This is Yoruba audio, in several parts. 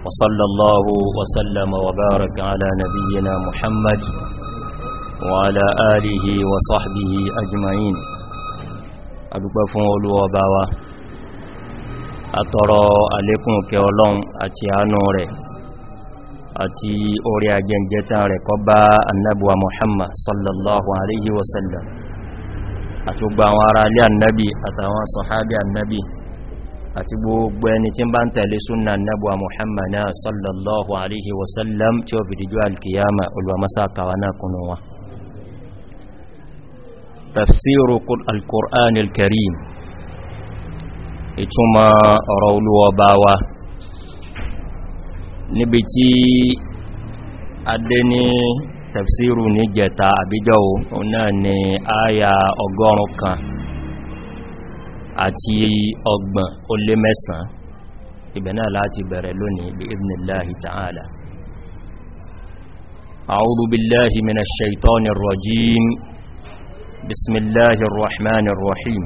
وصلى الله وسلم وبارك على نبينا محمد وعلى آله وصحبه أجمعين أدوبة فنولو وباوة أترى عليكم كيولون أتيانو ري àti orí agẹnjẹta rẹ̀ kọ bá annabuwa muhammad sallallahu alaihi wasallam àti gbà àwọn ará alẹ́ annabi àtàwọn sọ̀hábí annabi àti gbogbo ẹni tí bá ń tẹ̀lé súnà nẹ́bùwa muhammadu sallallahu alaihi wasallam tí ó fìdíjú alkiyama olùwàmásá kàwà náà kùnú wa tafsiru al-qur'an al-karim ìtumọ̀ ọ̀rọ̀ olúwọ wa níbi tí adé ní tafsiru ní jẹta àbíjọ́ àti ọgbọ̀n ó lé mẹ́sàn ibẹ̀ náà láti bẹ̀rẹ̀ lónìí bí ibn láhì ta'ala أعوذ بالله من الشيطان الرجيم بسم الله الرحمن الرحيم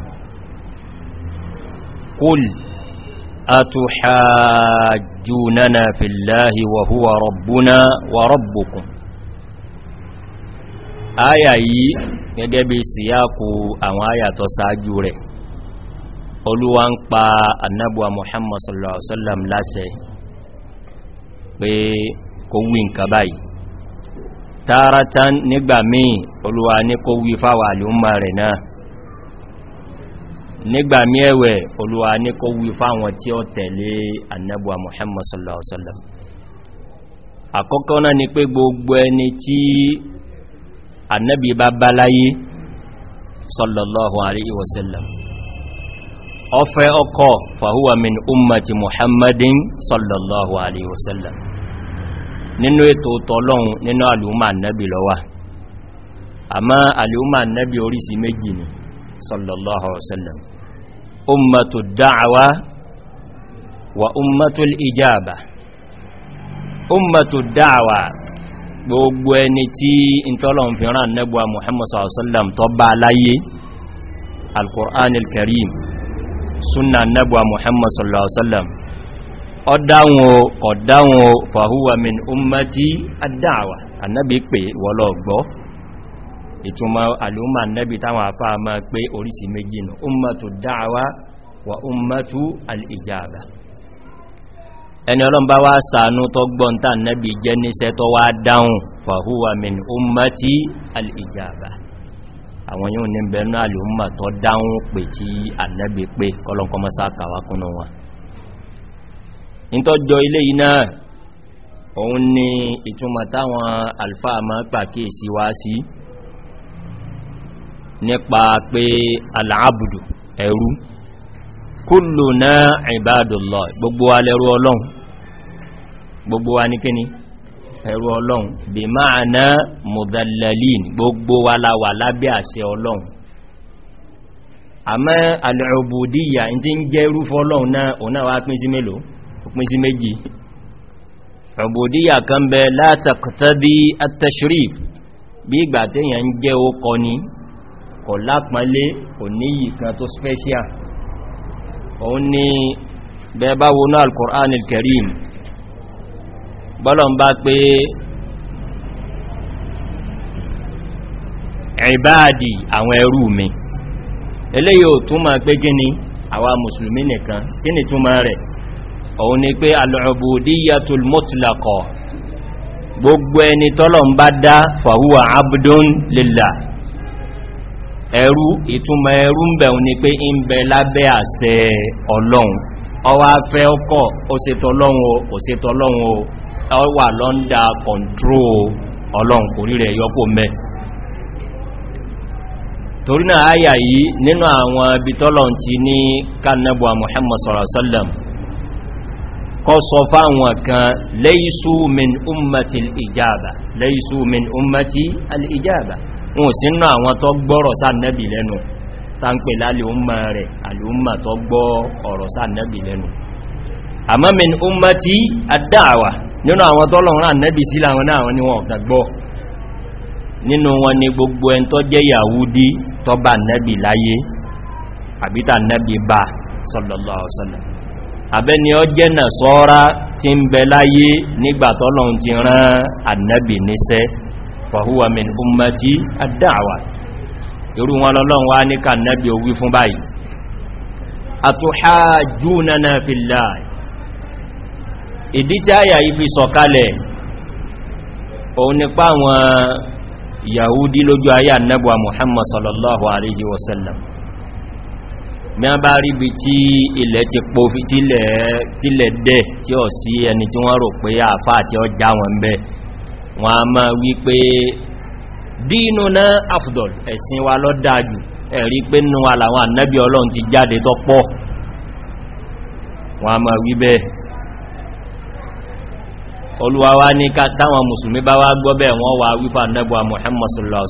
قل أتحاجوننا في الله وهو ربنا وربكم آية يجب سياق أو آية تساجو رẹ̀ olúwa ń pa annabuwa muhammad sallallahu alaihi wasallam lásẹ̀ pé kó wí nǹkan báyìí tààrátán nígbà míì olúwa ní kó wí fáwà alìúnmà rẹ̀ náà nígbà mí ẹ̀wẹ̀ olúwa ní kó wí fáwọn tí ó tẹ̀lé annabuwa muhammad sallallahu alaihi wasallam àkọ́kọ́ náà ni pé gbogbo ẹni tí annabi bá bá láyé sallallahu alaihi wasallam ọfẹ́ ọkọ̀ fàhúwà min ummati muhammadin sallallahu alaihi wasallam nínú ètò tọ́lọ́un nínú alùmà nẹ́bì lọ́wà àmá alùmà nẹ́bì orísìí méjì ni sallallahu alaihi wasallam ummatu da'awa wa ummatu ijaba ummatu da'awa gbogbo ẹni tí ìtọ́lọ̀un fi rán nẹ́bùwa muhammadu sallallahu alaihi wasallam tó bá láyé alkùránil karim súnà nẹ́bùwa muhammad sallallahu alaihi wasallam ọdáhùn o ọ̀dáhùn o fàhúwà min ummati adáwà annabi pé wọ́lọ̀ gbọ́ ìtumọ̀ alúmà annabi táwọn afá ma pé orísìí méjì nù ummatu dáwà wa ummatu al'ijaba ẹni ọlọ́n bá wá sàánú tó gbọ́ntà annabi jẹ́ níṣẹ́ tó wá dáhùn fàhúwà min ummati al'ijaba àwọn yíò ní bẹ̀rún àlùmà tó dáhùn pè tí ànẹ́bì pé kọlọ́nkọmọ́sá kàwákúnnà wọn nítọ́jọ ilé yìí náà òun ọlọ́run gbogbo wa ní kíni ẹ̀rù ọlọ́run bí máa ná mọ̀dàlẹ̀lìn gbogbo wa la wà lábẹ́ àṣẹ ọlọ́run àmọ́ alẹ́ọ̀bùdíyà tí ń jẹ́ rúfọ́ ọlọ́run náà òun náà wá pín sí mélòó pín sí méjì ọ̀bùdíyà kan bẹ látàkùtàbí bí bọ́lọ̀ ń bá pé ìbáàdì àwọn ẹrú mi eléyìí ò túnmà pé gíní àwa mùsùlùmí nìkan kí ni túnmà rẹ̀ òun ni pé al-ubudiyyatul mutlaqa gbogbo ẹni tọ́lọ̀ ń bá dá fahuwa abdun lillah ẹrú ìtúnmà ẹrú ń bẹ̀ ọwá fẹ́ ọkọ̀ ó ọlọ́run ó ọlọ́run ó lọ́ndà kọ̀ntró ọlọ́run kò rí rẹ̀ yọ́pò mẹ́ torí náà yìí nínú àwọn bitọ́lọ̀n ti ní muhammad kọ́ sọ fáwọn kan lẹ́yìsú min ijaba lẹ́yìsú min ummati al-ijaba wọn sínú àwọn tó gbọ́rọ̀ táńpẹ̀ lálẹ́ọ̀mà rẹ̀ alẹ́ọ̀mà tó gbọ́ ọ̀rọ̀ sáànẹ́bì lẹ́nu àmọ́ min ummati ad-da'wa nínú àwọn tọ́lọ̀rán ànẹ́bì sí láwọn náà ni wọ́n gbàgbọ́ nínú wọn ni gbogbo ẹn tó jẹ́ yàwúdí tó bá ànẹ́bì láyé àbítà ànẹ́bì bá sallallahu irú wọn lọ́lọ́run wá ní kànábí owí fún báyìí àtúhájúnana fìlà ìdí tí àyà yìí fi sọ̀kalẹ̀ òun nípa àwọn yahudi lójú ayé annabuwa muhammad sallallahu alaihi wasallam mi a bá rí bí tí ilẹ̀ ti po fi tílẹ̀ dẹ̀ tí ó sí ẹni tí wọ́n rò pé àfáà tí ó já wọn bẹ́ wọn a máa wí dínú náà afdol ẹ̀sìn wa lọ dájú ẹ̀rí pé nínú wa làwọn ànábì ọlọ́run ti jáde tó pọ̀ wọn a máa wí bẹ́ẹ̀ olúwa wá ní káwọn mùsùlùmí bá wá gbọ́ bẹ́ẹ̀ wọ́n wá wífà nẹ́bọ̀ Muhammad sallallahu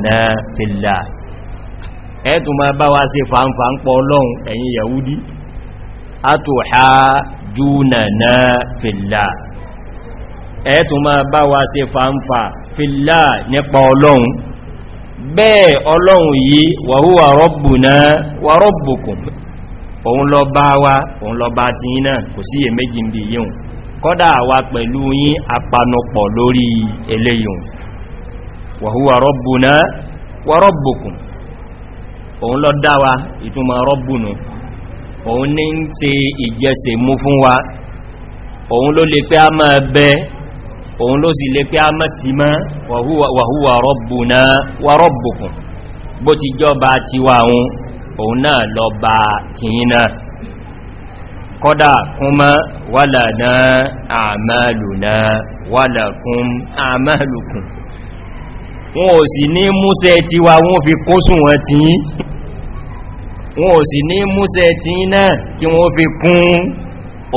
alaihi ẹ̀tù ma bá wá sí fàǹfà ń pọ̀ ọlọ́run ẹ̀yin yahudi àtòhá júnàná fìlà ẹ̀tù ma bá wá sí fàǹfà fìlà nípa ọlọ́run bẹ́ẹ̀ ọlọ́run yìí wàhúwà rọ́bùná wà rọ́bùkùn òun lọ bá wá òun lọ bá ti yínà kò sí èméjì bí yíò kọ́dà wa pẹ̀lú yín apanupọ̀ lórí eléyìn wàhúwà rọ́bùná wà rọ́bùkùn òun lọ dáwa ìtumọ̀ rọ́bùnù òun ní ń ṣe ìjẹsẹ̀ mú fún wa òun ló lè pé a máa bẹ òun ló sì lè pé a máa sì mọ́ wàhúwà rọ́bùnà wà rọ́bùkùn bó ti jọba ti wà òun òun náà lọ bá tìyín náà kọ́dà kúnmọ́ wàlà náà àmàlù náà wàlà kún àmàlù kùn wọn ò sì ní múṣẹ́ tiwa wọn fi kó sùn wọn tìyín wọn ò sì ní múṣẹ tí náà kí wọ́n fi kún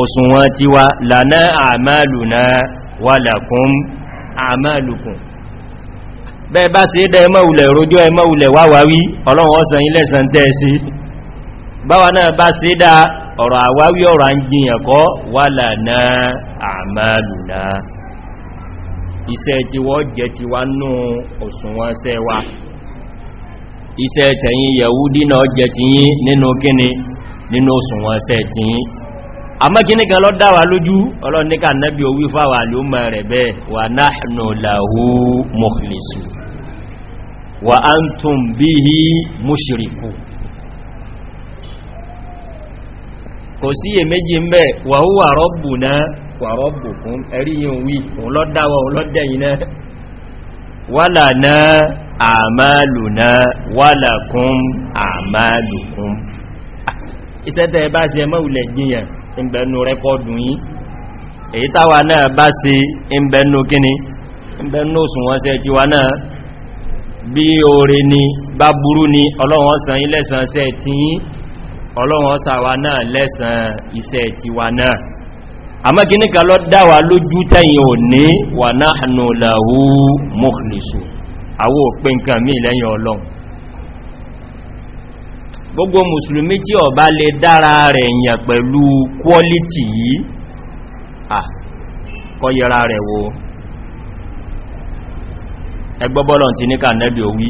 òsùnwọ́n ti wa lànà àmàlùná wà làkún àmàlùkùn bẹ́ẹ̀ bá sí dẹ mọ́ulẹ̀ rojọ́ ẹ mọ́ulẹ̀ wáwáwí ọlọ́run ọ̀sán ilẹ̀sàn tẹ́ sí báwa náà bá sí iṣẹ́ ti wọ́n jẹ́ ti wá nú òsùnwọ́n sẹ́wàá iṣẹ́ tẹ̀yìn yẹ̀wúdí náà jẹ ti yí nínú kíni nínú òsùnwọ̀n ṣẹ́ ti yí àmọ́ kíní kan lọ dáwà lójú ọlọ́níkà nẹ́bí owí fáwà ló mọ̀ rẹ̀ bẹ́ẹ̀ wà nahnu lahu mukhlisun wa wàlà náà àmàlù náà wàlà kún àmàlù kún ìṣẹ́tẹ̀ bá ṣe ẹmọ́ ulẹ̀ gbìyàn ìbẹ̀nu rẹ́kọ́dù yìí èyí táwà náà bá ṣe ìbẹ̀nu kíni ìbẹ̀nu òsùnwọ́sẹ́ tí wà náà bí oore ni bá burú ni ọlọ́wọ́n san ilẹ́sàn tí ọlọ́wọ́n sàwà náà lẹ́sàn iṣẹ́ tí wà náà àmọ́ kí ní kan lọ dáwà lójú tẹ́yìn ò ní wà náà nù làwú mọ́kànlẹ̀ṣù àwọ òpin nǹkan mí lẹ́yìn ọlọ́run gbogbo musulmi tí ọ bá lè dára rẹ̀ yàn pẹ̀lú kwọ́lítì yìí à kọ́yẹra rẹ̀ wo ẹgbọ́bọ́lọ̀ ti ní kànẹ́bì òwí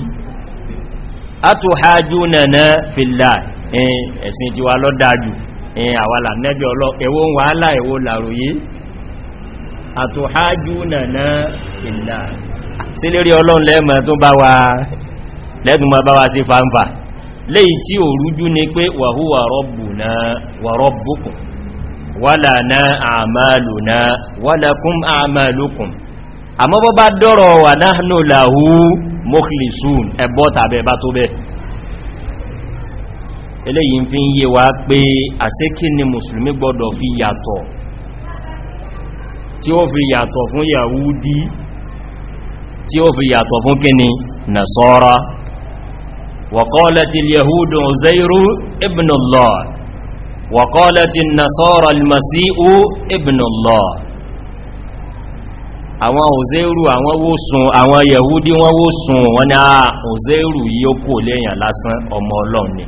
a tó hajjú nẹ̀nẹ́ fìlà ẹ̀sìn tí wà lọ́dájú ẹ̀yìn àwàlà nẹ́bí ọlọ́ èwo ń wàhálà èwo làròyé àtòhájú nànà ìlà sí lérí ọlọ́run lẹ́mọ̀ tó bá wa lẹ́dùnmọ́ bá wa sí fàǹfà léyìí tí ò rújú ní pé wàhúwà rọ́bùnà eléyìí fi ń yé wa pé àṣékí ni mùsùlùmí gbọdọ̀ fi yàtọ̀ tí ó fi yàtọ̀ fún yahudi tí ó fi yàtọ̀ fún kíni nasara wa qalati al-yahudu uzairu ibn Allah wa qalati an àwọn òzèrú àwọn wósùn àwọn yahudi wọ́n wósùn wọ́n ni a ah, òzèrú yíó kò lẹ́yìn lásán ọmọ ọlọ́run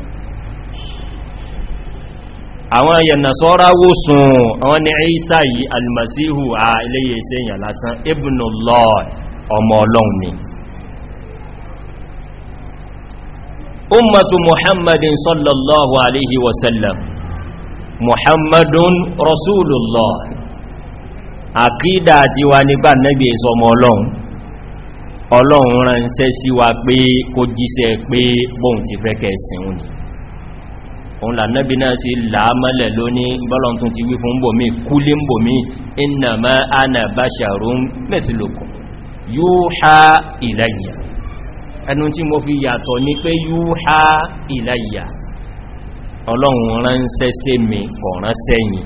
àwọn yẹ̀nà sọ́rá wó sùn àwọn ni Ìsá yìí alìmọ̀síhù a iléyè iṣẹ́ èyàn lásán ibnullah ọmọ ọlọ́run ni ummatu muhammadin sallallahu alaihi wasallam muhammadun rasulullah àkídà ti wa nígbà nẹ́bí èsọ ọmọ ọlọ́run ọlọ́run ránṣẹ́ sí wa pé kó jíṣẹ́ pé bóhun ti fẹ́ kẹsìn òun lànàbí náà sí làámọ́lẹ̀ lóní bọ́lọ̀ntún ti wí fún bòmí kúlé ń bòmí iná mọ́ ánà bá ṣàrún mẹ́tìlòkùn yóò há ìlàyà ẹnu tí mo fi yàtọ̀ ní pé yóò há ìlàyà ọlọ́run ránṣẹ́ sí mi kọ̀rán sẹ́yìn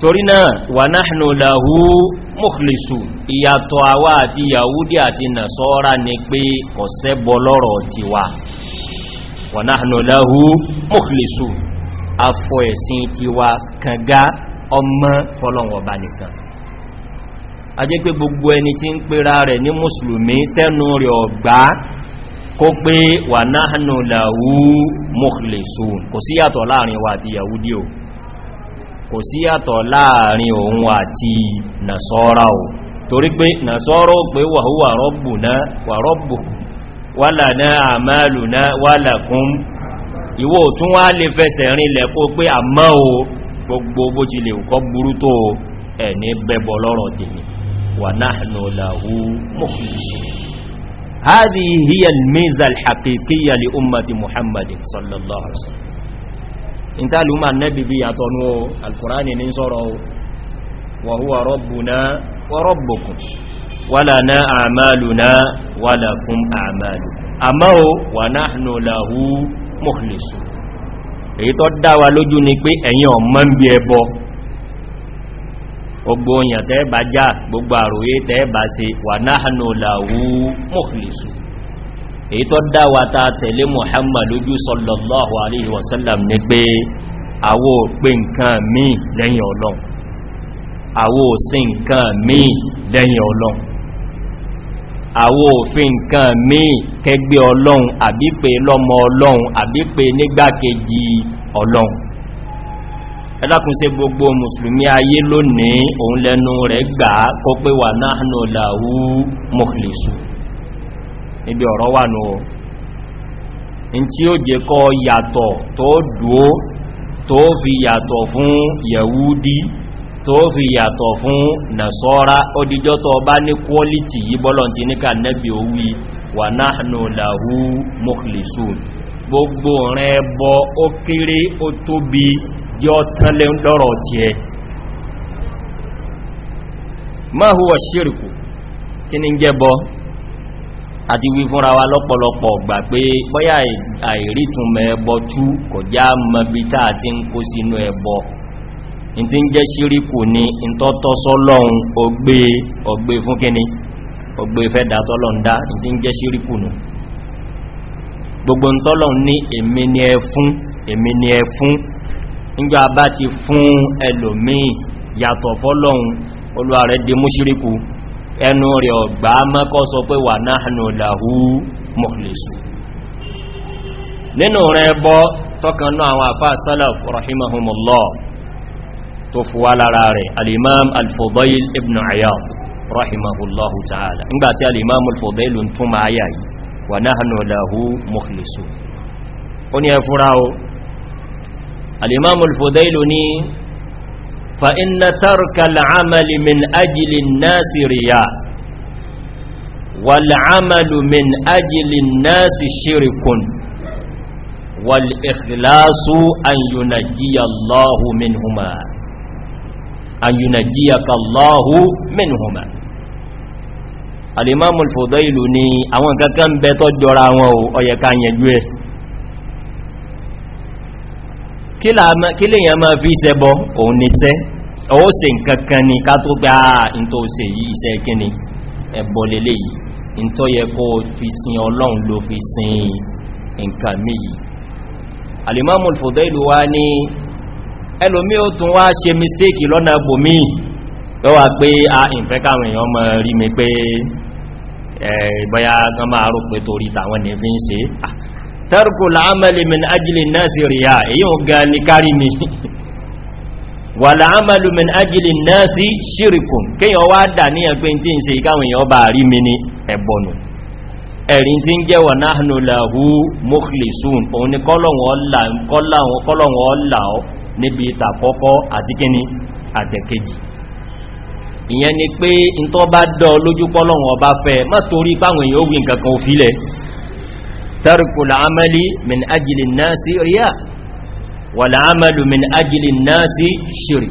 torí náà wà náà láhú ìyàtọ̀ àwa àti yahudi àti nàṣọ́ra ni pé kọ̀sẹ́bọ lọ́rọ̀ tiwa. wa nahnu lahu afọ ẹ̀sìn ti wa kànga ọmọ fọ́lọ́wọ̀ bá nìkan a jẹ́ pé gbogbo ẹni tí ń pèrà rẹ̀ ní mùsùlùmí tẹ́nu rẹ̀ ọ̀gbá kó pé wa nahnu lahu mukhlisun kò sí yàtọ̀ láàrin wa àti yahudi o kò sí yàtọ̀ láàrin òun àti nasọ́ra o torí pé nasọ́rọ̀ wàlà náà àmàlù náà wàlà kún ìwò tún wá lè fẹsẹ̀ rinlẹ̀ kó pé àmọ́ o gbogbo bó ti lè kọ́ burú tó ẹni bẹbọ lọ́rọ̀ tèmi wà náà láhú mọ́kànlẹ̀ هذه هي الميزة الحقيقية لأمة محمد صلى الله عليه وسلم انت لما النبي بيعطنه القرآن ننصره وهو ربنا وربكم wàlà náà àmàlù náà wàlà fún àmàlù àmá o wà náà lahu mọ́kìlìsù èyí tó dáwà lójú ni pé ẹ̀yin ọmọ ń bí ẹbọ gbogbo òyìn tẹ́ẹ̀bà já gbogbo àròyé tẹ́ẹ̀bà se wà náà lahu mọ́kìlìsù èyí tó dáwà ta tẹ̀lé Muhammad lójú sallallahu alaihi ni pé àwọ òpin nǹkan míì lẹ́yìn ọlọ́run àwọ òfin nǹkan míì kẹgbẹ́ ọlọ́run àbípe lọ́mọ ọlọ́run àbípe nígbàkejì ọlọ́run ẹlákùn sí gbogbo mùsùlùmí ayé lónìí òun lẹ́nu rẹ̀ gbà kó pé wà náà láwú mọ̀kìlìsù ibi ọ̀rọ̀ wà náà in tí ó jẹ kọ́ yàtọ̀ tó dúó tó fi yàtọ̀ fún yẹ̀wúdí tó fi yàtọ̀ fún nàṣọ́rá odijọ́ tó bá ní kwọ́lìtì yí bọ́lọ̀n ti níka nẹ́bí owí wà lahu mukhlisun gbogbo rẹ̀ bọ́ ó kéré ó tóbi yọ́ tánlẹ̀ lọ́rọ̀ ti ẹ ma huwa shirku kí ni àti wí fúnra wa lọ́pọ̀lọpọ̀ gbà pé bọ́yá àìrítùn mẹ́ẹ̀bọ̀ tú kọjá mọ́bítà àti ń kó sínú in ti ń jẹ́ ṣíríkù ní ìntọ́tọ́ sọ́lọ́un ọgbé ọgbé fún kíní ọgbé fẹ́ dátọ́lọ́un dá in ti ń jẹ́ ṣíríkù nù gbogbo ntọ́lọ́un ní èmi ni ẹ fún èmi ni ẹ fún níjọ́ abá ti fún ẹlòmíì yàtọ̀ fọ́lọ́un olúwa rẹ̀ di mú ṣíríkù ẹnu rẹ̀ ọ̀gbá mẹ́kọ́ sọ pé wà nahnu lahu mukhlisu nínú rẹ̀ bọ́ tọ́kanú àwọn àfáà tó fúwá lára rẹ̀ al'imam al-fudail ibn ayyam rahimahullahu ta'ala ngbàtí al'imam al-fudail ń tún ma yà yìí wà nahnu lahu mukhlisu ó ní ẹfúra o al'imam al ní فإن ترك العمل من أجل الناس رياء والعمل من أجل الناس شرك والإخلاص أن ينجي الله منهما ayùnàjíyàkà lọ́hù mẹ́nuhùnmá alìmọ́mù Fudaylu ni àwọn kankan bẹ tó jọra wọn ó yẹ ká yẹjú ẹ kí lèyàn máa fi iṣẹ́ bọ́ òun níṣẹ́ ó ṣe nkankan ni ká tó gbá in ah, tó ṣe yí iṣẹ́ kíni ẹbọ lélẹ̀ yìí in tó fi sin Ọlọ́run ló fi sin nǹkan mí yìí alìmọ́mù Fudaylu wá ní ẹlòmí ó tún wá ṣe mistake lọ́nà bòmí lọ́wà pé a ah, ìfẹ́ káwọn èèyàn mọ̀ rí mi pé ìbọ̀yá gan máa rò pé torí tàwọn ní fi ń ṣe ah, tẹ́rùkù láàmàlì min ajílì náà sí ríyà èyí ò gan ní kárí mi wà láàmàlù min ajílì náà sí ṣírìkùn kíyàn wá dà ní ẹgbẹ́ tí ń ṣe ìkáwọn èèyàn bá níbi ìtàkọ́kọ́ àti kíni àtẹ̀kejì ìyẹn ni pé in tó bá dọ́ lójúkọ́ lọ́wọ́ ọba fẹ́ má torí páwọn èèyàn ogun kankan òfilẹ̀ tẹ́rìkù làámẹ́lì min ajìlì náà sí ríyà wà làámẹ́lù min ajìlì náà sí ṣìrì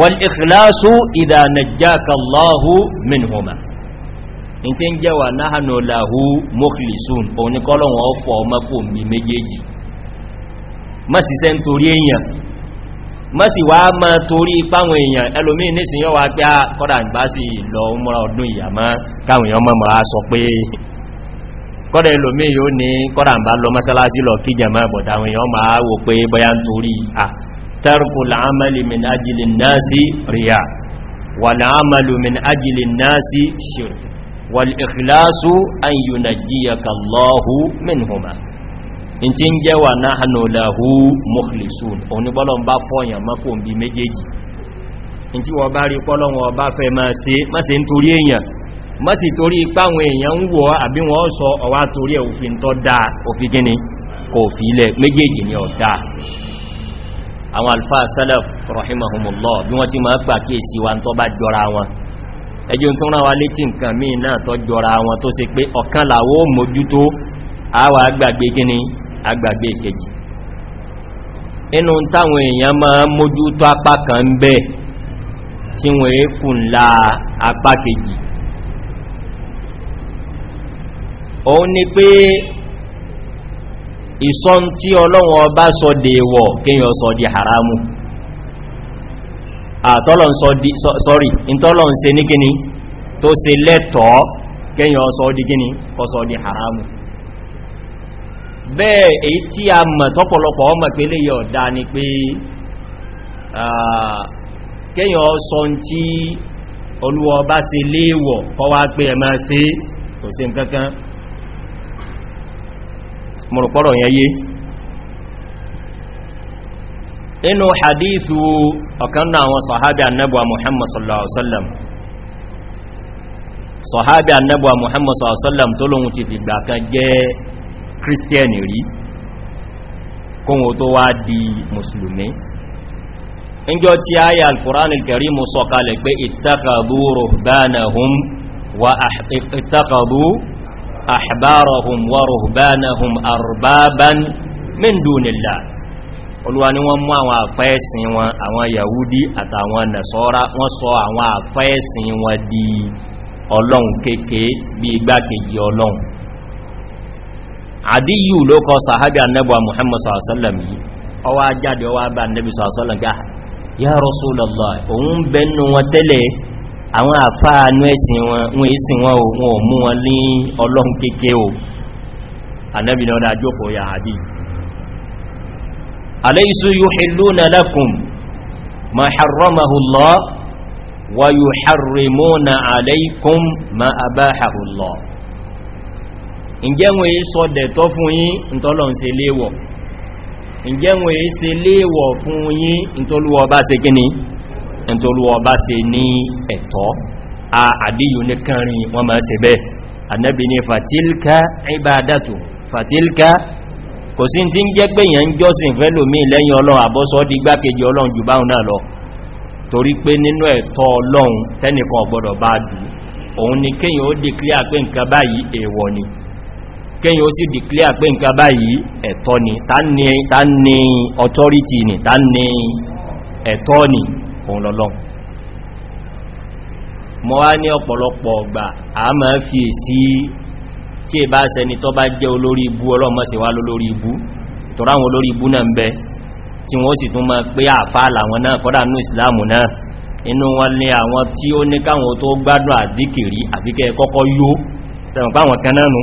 wal ikhlasu idha najjaka Allahu minhuma in ti ń mọ́sí wá mọ́ torí páwọn èèyàn ẹlòmí nísìn yọ́ wá pé ah, kọ́dà ìgbá sí ìlọ múra ọdún ìyàmọ́ káwọn èèyàn mọ́ mọ́ra sọ pé kọ́dà ẹlòmí yóò ní kọ́dà ń bá lọ mọ́sálásí lọ kí jẹmọ́ bọ̀dáwọn èèyàn máa wò pé bọ́yá ń torí à ah, tẹ́rùkù láàmàlì min ajìlì náà sí ríà wà láàmàlù min ajìlì náà sí ṣe wà ìkìláṣù an yùnàjíyàkàlọ́hù mìnhùmá in ti ń jẹ́wà náà hànàláhú hu òní bọ́lọ̀ bá fọ́yàn mọ́kò bí méjèèjì in ti wọ́n bá rí pọ́lọ́wọ́ bá fẹ́ máa ṣe má ṣe ń torí si tori sì torí ipáwọn abi ń wọ́ àbí wọ́n sọ ọwá torí ẹ̀ òfin tọ́ dáa òfin ni dáa àwọn alfa salaf rahimahumullah bí wọ́n ti ma wa agbàgbé ìkejì inú táwọn èèyàn máa mójú tó apá kan ń bẹ́ tí wọ́n é kù ńlá apá kejì òun ni pé ìsọ́n tí bá sọ dèèwọ̀ kíyàn sọ di haramu àtọ́lọ̀ sọ́rí ìtọ́lọ̀ ń se ní gíní tó se di haramu bẹ́ẹ̀ èyí tí a mọ̀ tọ́pọ̀lọpọ̀ ọmọ pẹ̀lẹ̀ yọ dá ni pé kéyàn sọ tí olúwọ bá ṣe léèwọ̀ kọ́ wá pé ẹ̀mọ́ sí kò sí nǹkankan mọ̀rọ̀pọ̀rọ̀ yẹn inú hadithu ọ̀kan àwọn sọ̀hábí annabuwa muhammad sallallahu alaihi wasallam sọ̀hábí annabuwa muhammad sallallahu alaihi wasallam tó lóhun ti fìgbà kan jẹ́ kírísítíẹ̀nì rí kóhun tó wá di mùsùlùmí níjọ́ tí a yà alkùránì kẹrí mú sọkalẹ̀ pé ìtàkàdú rọ̀bánahun wa ìtàkàdú àhbárahun wa rọ̀bánahun arbában min dúnilá olúwa ni wọ́n mú àwọn àfẹ́ẹ̀sìn wọn àwọn yahudi àtàwọn nasọ́ra wọ́n sọ àwọn àfẹ́ẹ̀sìn wọn di ọlọ́run kéèkéé bí igbákejì ọlọ́run àdíyù ló kọ sàhábí annabuwa muhammad sallam yìí ọwá jáde ọwá bá annabi sallam gá ya rasulallah òun bẹnu wọn tẹ́lẹ̀ àwọn àfáànú ẹ̀sìn wọn wọn èsìn wọn o wọn ò mú wọn ní ọlọ́n kéèké o annabi náà dájókòó ya àdí alaysu yuhilluna lakum ma harramahu allah ma abahahu allah ǹjẹ́ wọn èé sọ dẹ̀tọ́ fún yín ìtọ́lọ̀ ń ṣe léèwọ̀ ǹjẹ́ wọn èé ṣe léèwọ̀ fún yín ìtọ́lúwọ bá ṣe kíní ìtọ́lúwọ bá ṣe ní ẹ̀tọ́ a àdíyù ní kánrin wọ́n máa ṣe bẹ́ẹ̀ fatilka ibadatu fatilka kò sí tí ń jẹ́ pé yẹn ń jọ́sìn fẹ́lòmí lẹ́yìn ọlọ́run àbọ́sọ́ di gbákejì ọlọ́run jù báhùn náà lọ torí pé nínú ẹ̀tọ́ ọlọ́run tẹ́nìkan ọ̀gbọ́dọ̀ bá dù òun ni kéyàn ó dìklíà pé nǹkan báyìí èèwọ̀ ni kẹ́yìn ó sì declare pé nǹkan báyìí ẹ̀tọ́ ni ta ní authority ni ta ní ẹ̀tọ́ ni òun lọ́lọ́ mọ́ wá ní ọ̀pọ̀lọpọ̀ ọgbà a máa fi sí tí è bá sẹni tó bá jẹ́ olórí ibú ọlọ́mọ́síwá lórí ibú tọ́ráwọn olórí ibú náà ń bẹ tí wọ́n sì tún máa pé àfáà làwọn náà kọ́dà ní ìsìláàmù náà inú wọn ní àwọn tí ó ní káwọn tó gbádùn àdíkìrí àbíkẹ́ kọ́kọ́ yóò sẹ̀wọ̀n pàwọn kan náà nù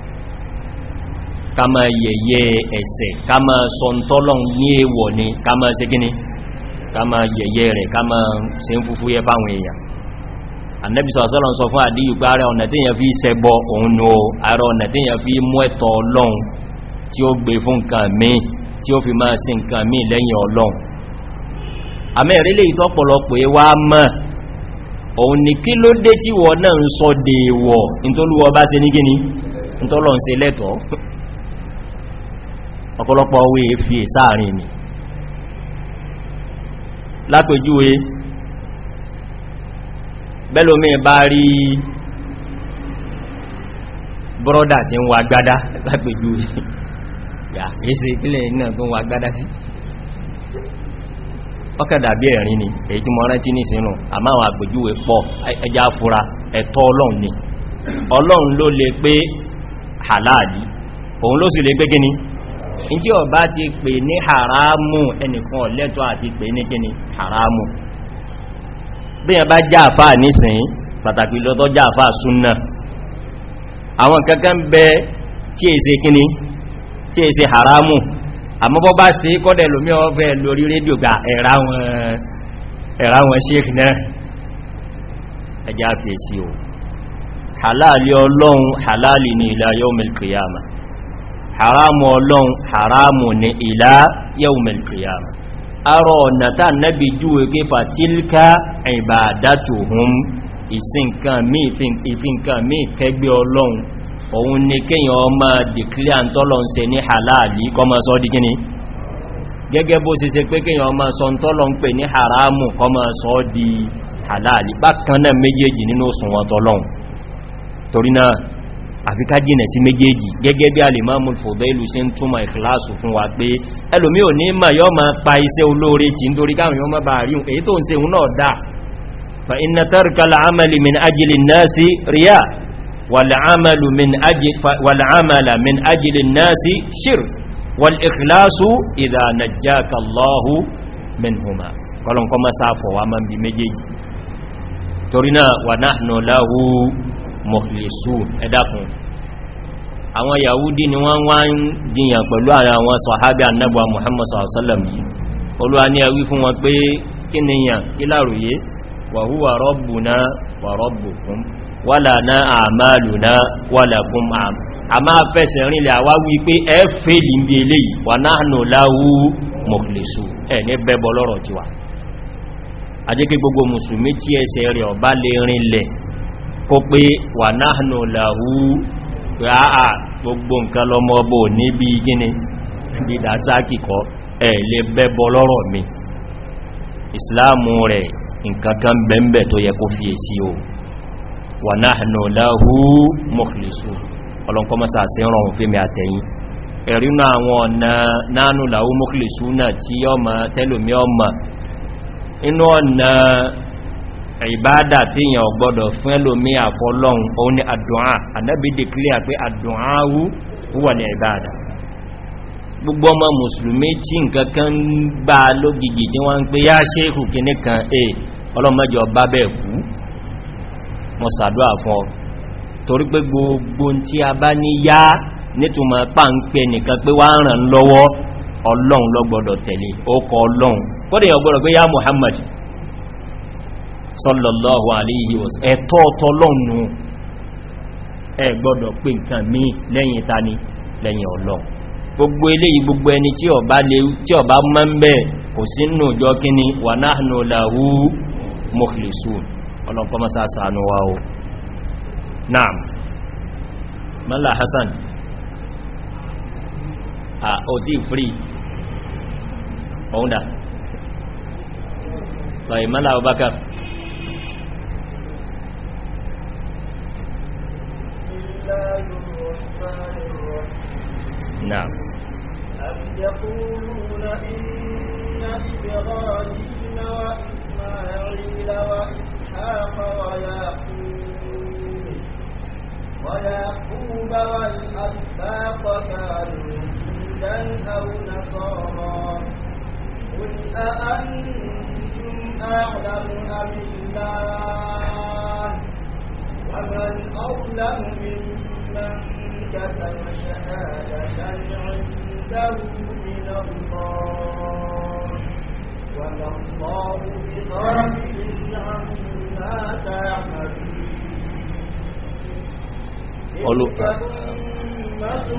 ká máa yẹ̀yẹ ẹ̀ṣẹ̀ ká máa sọ tọ́lọ́n ní èèwọ̀ ni ká máa ṣe gíní ká máa yẹ̀yẹ rẹ̀ ká máa ṣe ń fúfú yẹ fáwọn èèyàn annabi sọ̀sọ́lọ́n sọ fún àdíyù pé ara ọ̀nà tíyàn fi ṣẹbọ òun ni o ara ọ̀nà tíyàn fi mú ẹ̀tọ́ ọlọ́run tí ó gbé fún nǹkan míì tí ó fi máa sí nǹkan míì lẹ́yìn ọlọ́run àmẹ́rẹ́lẹ́ ìtọ́pọ̀lọpọ̀ wá ni kí ló dé ọ̀pọ̀lọpọ̀ owó èéfì sáàrin mi lápèjúwe bẹ́lómi bá rí brọ́dà tí ń wa gbádá lápèjúwe yà èsì ìpínlẹ̀ iná tó ń wa gbádá sí ọkàdàbí ẹ̀rin ni èyí tí mọ́ rántí ní sínú àmáwọn àpèjúwe pọ̀ ẹja fura ẹ̀tọ́ ọlọ́run ni ọlọ́run ló pé òun ló sì in tí ó bá ti pè ní haramu ẹnìkan ọ̀lẹ́tọ́ àti pè ní kíni haramu bí yẹn bá jáfà nísìn pàtàkì lọ́tọ́ jáfà súnnà àwọn kankan bẹ tí è ṣe kíni tí è ṣe haramu àmọ́bọ́ bá ṣe kọ́dẹ̀ lómí ọfẹ́ lórí rédíò gba ẹ̀rá wọn sheikh ẹjá haramu ọlọ́run haramu ni ìlà yawmil qiyamah arọ ọ̀nà tá nẹ́bí júwe pé fatilka ibadatuhum ìsìnkan míì kẹgbẹ́ ọlọ́run òun ni kíyàn ọmọ dìkílẹ̀ àntọ́lọ́n se ní halali kọmọ sọ di gíní gẹ́gẹ́ bó ṣe ṣe pé kíyàn ọmọ sọ tọ́lọ́n pè ní haramu kọmọ sọ di halali bákan náà méjèèjì nínú òsùnwọ́n tọ́lọ́un torí náà àfi ká jìnà sí méjèèjì gẹ́gẹ́ bí alìmọ́mù fòdélù sí ń túnmọ̀ ìkìláàsù fún wa pé ẹlòmí ò ní mọ̀ yọ́ ma pa iṣẹ́ olóore tí ń dorí káwọn yọ́mọ́ bá rí èyí tó ń se náà dá fa iná tẹ́rìkàlà amẹ́lì min ajili nẹ́ẹ̀sí ríà wàl'amẹ́là min ajili nẹ́ẹ̀sí ṣír wàl'ìkìláàsù ìdánàjákàlọ́hù min huma kọlọ̀nkọ́ masá mọ̀kìlìsù ẹ̀dàkùn àwọn yahudi ni wọ́n wá ń dìyàn pẹ̀lú àwọn sọ̀hábí annabuwa muhammad sallam yìí olúwa ní awi fún wọn pé kí niyàn ìlàròyé wàhúwà na wa wala na a'maluna wa lakum a máa fẹ́sẹ̀ rinlẹ̀ àwá wí pé ẹ fèlì ń ọ̀bá lè kó pé wà náànù làhú ráà gbogbo nǹkan lọmọ ọbọ̀ níbi gíní dídásákìkọ́ ẹ̀ lè bẹ́bọ lọ́rọ̀ mi ìsìláàmù rẹ̀ nǹkankan bẹ̀m̀bẹ̀ tó yẹ kó fi èsí o wà náà ìbádà tí yàn ọgbọ́dọ̀ fún ẹlòmí àfọ́lọ́un òun ni àdùnà ànábì dìklíà pé àdùnà wú wà ní ìbádà gbogbo ọmọ mùsùlùmí tí nkankan ń gbá lógigi tí wọ́n ń pé yá ṣéèkù kìní kan e eh, ọlọ́mọjọ bá bẹ̀ kú mọ́ sàdúà fún ọ torí pé gbogbo tí a bá ní yá nítumọ̀ pàǹpẹ́ nìkan pé wá ràn lọ́wọ́ ọlọ́run lọ́gbọ́dọ̀ tẹ̀lé ó kọ ọlọ́run kọ́dẹ̀ ọgbọ́dọ̀ pé yá muhammad sallallahu alayhi wa sallam ẹ̀tọ́ ọ̀tọ́lọ́nù ẹ gbọ́dọ̀ pé nǹkan mí lẹ́yìn tani lẹ́yìn Ọlọ́run gbogbo eléyìí gbogbo ẹni tí ó bá lè tí ó bá mọ́ ń bẹ́ẹ̀ kò sí nù jọ kíní wa nahnu lahu mukhlisun ọlọ́nkọ́ mọ́sá sàánú wa o naam hassan a o tí frí ọ̀húndà نعم أم يقولون إن إبراهيم وإسماعيل وإسحاق ويعقوب ويعقوب والأسباط كانوا هودا أو نصارى قل أأنتم أعلم أم الله ومن أظلم ممن كتم شهادة عنده من الله وما الله بغافل عما تعملون تلك أمة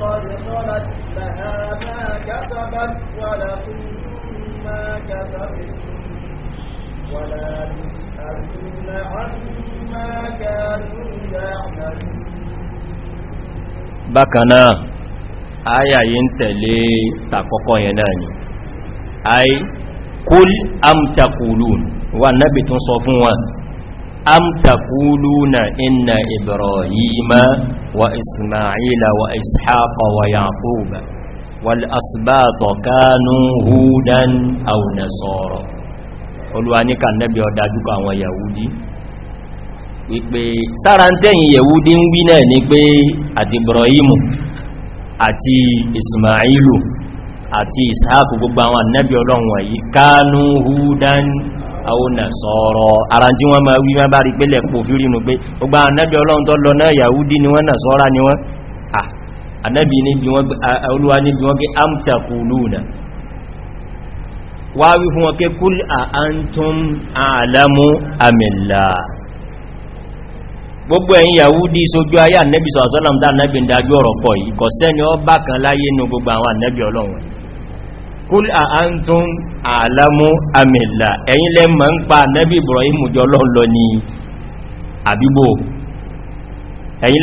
قد خلت لها ما كسبت ولكم ما كسبتم ولا تسألون عما عما كانوا يعملون bákanáà ayà yí ń tẹ̀lé tàkọ́kọ́ yẹn náà ni ay kúl amtakulun wà nábi tún sọ fún wọn amtakuluna inna ibrahima wa ismaila wa ishaqa wa yaquba wal asbata kanu hudan aw nasara olúwa ní kan nábi ọ̀dájú àwọn yahudi wípé sára ń tẹ́yìn yẹ̀wúdí ń wí náà ní pé àti ibrahimu àti ismailu àti ishaq gbogbo àwọn annabi ọlọ́run wọ̀nyí kánú húdán àwọn sọ̀rọ̀ ara tí wọ́n máa wí wọ́n bá rí pẹ́lẹ̀ pò fírí nù pé gbogbo annabi ọlọ́run tó lọ náà gbogbo ẹ̀yin yahudi sójú ayé ànẹ́bì sọ̀sọ́lọ̀m dá ànẹ́bì ìdájú ọ̀rọ̀ pọ̀ yìí kọ̀ sẹ́ni ọ bá kan láyé nú gbogbo àwọn ànẹ́bì ọlọ́run kúl lẹ mọ̀ ń pa ibrahim jọ lọ́lọ ni àbíbò ẹ̀yin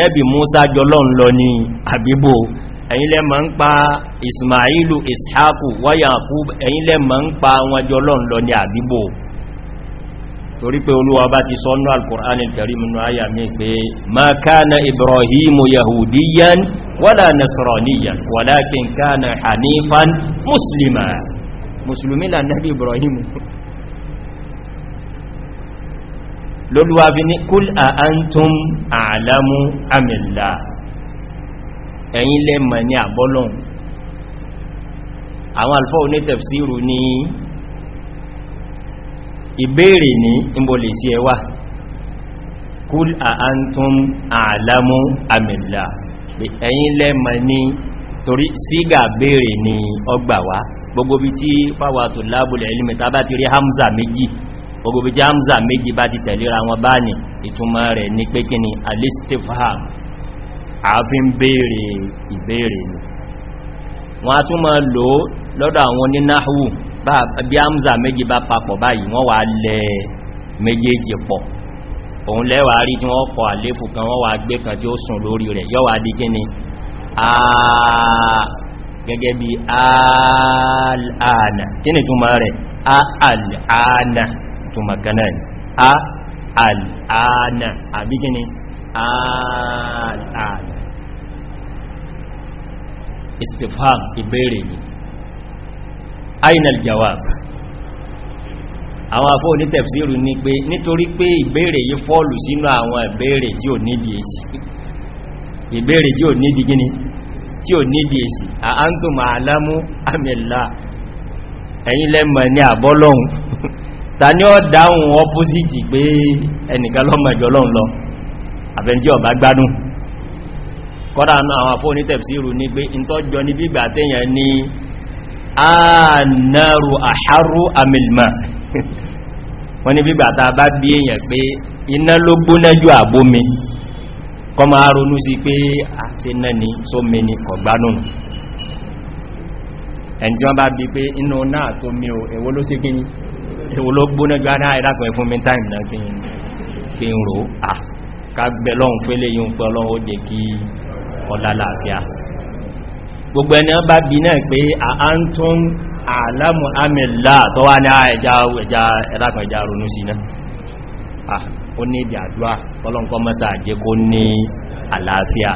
lẹ musa jọ lọ́lọ ni àbíbò ẹ̀yin ismailu ishaku wáyàkú ẹ̀yin lẹ mọ̀ ń pa wọn jọ lọ́lọ ni àbíbò torí pé olúwa bá ti sọ nínú al-Qur'an al-Karim nínú àyà mi pé ma kana Ibrahimu yahudiyan wala nasraniyan walakin kana hanifan muslima musulmi la nabi Ibrahimu lólúwa bí ní kul a antum a'lamu amilla ẹ̀yin lẹ́mọ̀ ní àbọ́lọ́n àwọn alfọ́ onítẹ̀fsíru ní ìbéèrè ní ìbòlè sí ẹwà kúl àántún àlámú àmìlà ẹ̀yìn lẹ́mọ̀ ní torí sígà béèrè ní ọgbà gbogbo bí tí fáwà tó lábùlẹ̀ ilmẹ̀ta bá ti rí hamza méjì gbogbo bí tí hamza méjì bá ti tẹ̀lera wọn bá ní ìtumọ̀ rẹ̀ ní pé kí ni alistifham àáfin béèrè ìbéèrè ni wọ́n a tún máa lọ́dọ̀ àwọn onínáhù bí amza méjì bá papọ̀ báyìí wọ́n wà lẹ méjèèjì pọ̀ òun lẹ́wà rí tí wọ́n kọ àléfù kan wọ́n wà gbé kan tí ó sùn lórí rẹ̀ yọ́wà dí kí ni gẹ́gẹ́ bí al'ana kí ni túnmà rẹ̀ al'ana túnmà kanáà ni al'ana àbí kí ni al'ana istifam ìbéèrè ni ainal jawab àwọn afọ́ ní tẹ̀fsíru ní pé nítorí pé ìbéèrè yí fọ́ọ̀lù sínú àwọn ìbéèrè tí ò nídi èsì ìbéèrè tí ò nídi gíní tí ò nídi èsì a an tó ma alámú amìlá ẹ̀yìn lẹ́mọ̀ ní àbọ́lọ́hun ta ní ààrù àhárù àmìlìmà wọ́n ní bígbà tàà bá bí èyàn pé iná ló gbóná jù àbómi kọ ma ronú sí pé àti iná ni tó mi ni kọ̀gbánù ẹni tí wọ́n bá bí pé inú náà tó mi o èwo ló sí kíní èwo ló gbóná jù ara ìrákùn ẹ̀fún mi táìmì náà kí n rò á ká gbẹ̀lọ́hun fẹ́lẹ̀ yíò gbogbo ẹni bá bí náà pé a ń tún àlámù amìlá tó wá ní ẹja ẹ̀lákan ẹja ronú sí náà ó ní ìdí àdúrà ọlọ́nkọ́ mọ́sá àjẹ́ kó ní àlàáfíà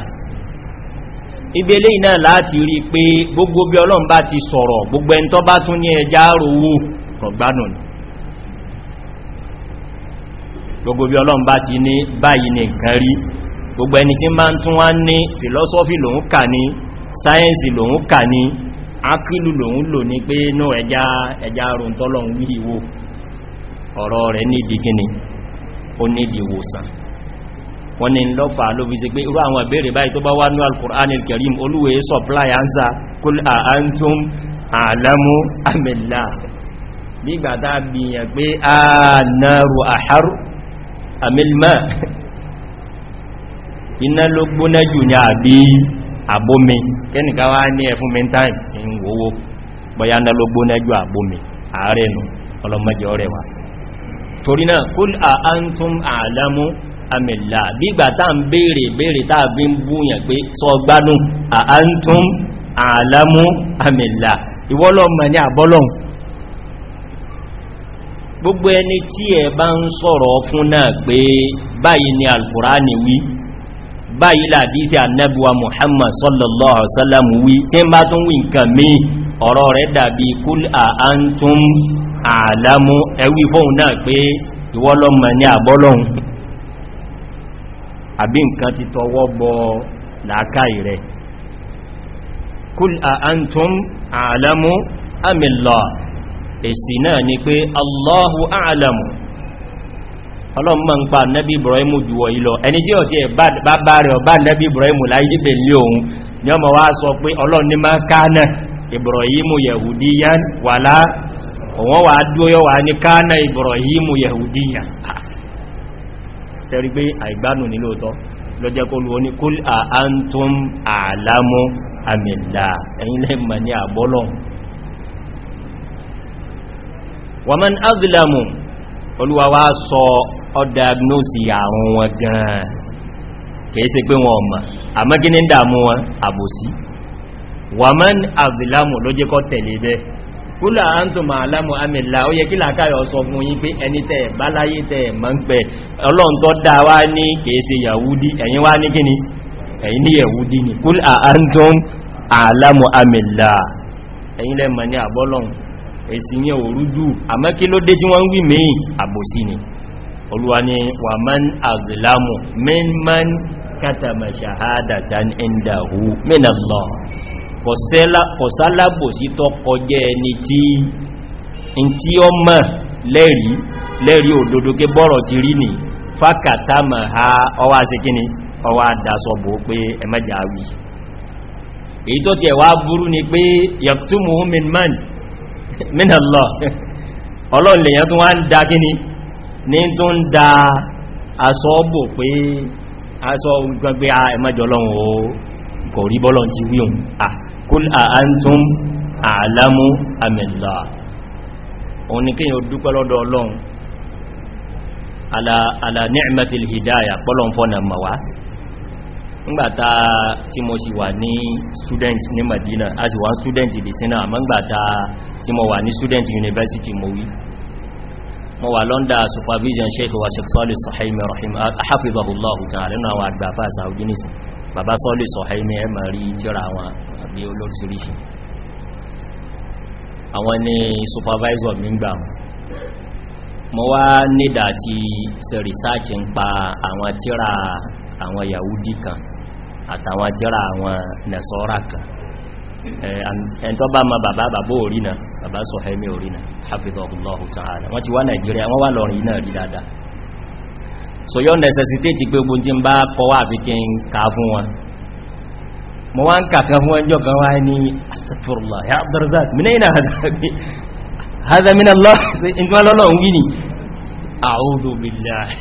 ibi ilé iná láti rí pé gbogbo bí ọlọ́n bá ti sọ̀rọ̀ gbogbo ẹni tó bá tún ní ẹja rówó kọ̀gbánù gbogbo bí ọlọ́n bá ti ní báyìí ní nǹkan rí gbogbo ẹni tí máa ń tún wá ní fìlọ́sọ́fì lòun kà ní sáyẹ́nsì lòun kà ní akílù lòun lò ní pé ní ẹja ẹja rùn tọ́lọ̀ ń wíwò ọ̀rọ̀ rẹ̀ níbi gíní ó níbi ìwòsàn wọ́n ni lọ́fà ló fi ṣe pé irú àwọn ìbéèrè báyìí tó bá wá ní al-Qur'an al-Karim olúwẹ̀ supply answer kul a antum a'lamu amilla nígbà tá bìyàn pé a náàrù àhárù amilma iná ló gbóná àbí àbómi kẹ́nìká wá ní ẹ̀fún meantime in wòwó bọ̀yánà ló gbóná jù àbómi ààrẹ nù ọlọ́mọdé ọ̀rẹ́ wa torí náà kúl àántún àlámú àmìlà bígbà tá ń béèrè béèrè tá bí ń búyàn pé sọ gbádùn àántún àlámú àmìlà ìwọ́lọ́mọ ní àbọ́lọ́hun gbogbo ẹni tí ẹ bá báyìí làdí tí annabuwa muhammad sallallahu alaihi wasallam wí tí ń bá tún wí nǹkan mí ọ̀rọ̀ rẹ̀ dàbí kúl àántún àlámú ẹwí fóun náà pé ìwọ́lọ́mọ ní àbọ́lọ́un àbí nǹkan ti tọwọ́ bọ làákàí rẹ̀ ọlọ́mọ ń pa nẹ́bí ibrahimu juwọ ilọ̀ ẹni tí ó ti bá rẹ̀ ọba nẹ́bí ibrahimu láyé pẹ̀lú ohun ni ọmọ wá sọ pé ọlọ́ni máa kánà ibrahimu yahudiyan wàlá òun wà dúóyọ wà ní kánà ibrahimu yahudiyan sẹ́rí pé àìgbánù ní lóòtọ́ lọ́jẹ́ kó lù sọ ọ diagnose àrùn wọn gan-an kìí ṣe pé wọn ọmọ àmọ́ kí ní dàmú wọn àbòsí wàmán àbìlámù ló jẹ́ kọ́ tẹ̀lé bẹ́ kúlà àntùmà alámù àmìlà ó yẹ kí làkáyọ̀ sọ fún yín pé ẹni tẹ́ báláyé tẹ́ mọ́ ń pẹ̀ ọlọ́run dá wá ní kìí yàwúdí ẹ̀yin wá ní kíni ẹ̀yin ní yàwúdí ni kúlà àntùm alámù àmìlà ẹ̀yin lẹ́mọ̀ ní àbọ́lọ́run èsì ní òrújú àmọ́ kí ló dé tí ni olúwa ni wà mọ́n àzìlámù min mọ́n kátàmà ṣàhádàtà ìndàhú mínàlọ́ kọ̀sálàbò sí tọ́ kọjẹ́ ẹni tí in tí ó mọ̀ lẹ́rí lẹ́rí òdodo ké bọ́rọ̀ ti rí ní fákàtàmà ha ọwá sí kíni ọwá dásọ̀bò pé ẹmẹ́jà wí èyí tó tẹ̀wà burú ni pé yàtúmù min mọ́n mínàlọ́ ọlọ́ọ̀lẹ̀yàn tó ní tó ń da asọ́bò pé asọ́ gbogbo ẹmọ́jọ lọ́wọ́ kò rí bọ́lọ̀ ti wí òun à kúl àántún àlámú àmìlà òun ni kíyàn dúpẹ́ lọ́dọ̀ ọlọ́run ala ni'matil hidaya pọ́lọ̀n fọ́nà mọ̀wá ngbàta tí mo sì wà ní student ní Madina a sì wà student ìdìsínà àmọ́ ngbàta tí mo wà ní student university mo wí mo wà lọ́ndà supervision sheikh wa sheikh sọ́lì sọ̀haimi rahim ahafizahullahu ta'ala nínú àwọn àgbàfà saudi nisi bàbá sọ́lì sọ̀haimi ẹ ma rí tíra wọn àbí olóríṣiríṣi àwọn ni supervisor mi gbà mo wá nídà ti ṣe research ń pa àwọn tíra àwọn yahudi kan àtàwọn tíra àwọn nasọ́ra kan ẹ̀ntọ́ bá ma bàbá bàbá orí náà bàbá Suhaimi orina hafidhahullahu ta'ala wọ́n ti wá Nàìjíríà wọ́n wà lọ́rin iná rí dáadáa so yóò necessitate pé ogun tí ń bá kọwà àbí kí n ká fún wọn mo wá ń kàkà fún ẹjọ́ kan wá ní astagfirullah ya abdurazak mina ina hada mina lọ in tí wọ́n a'udhu billahi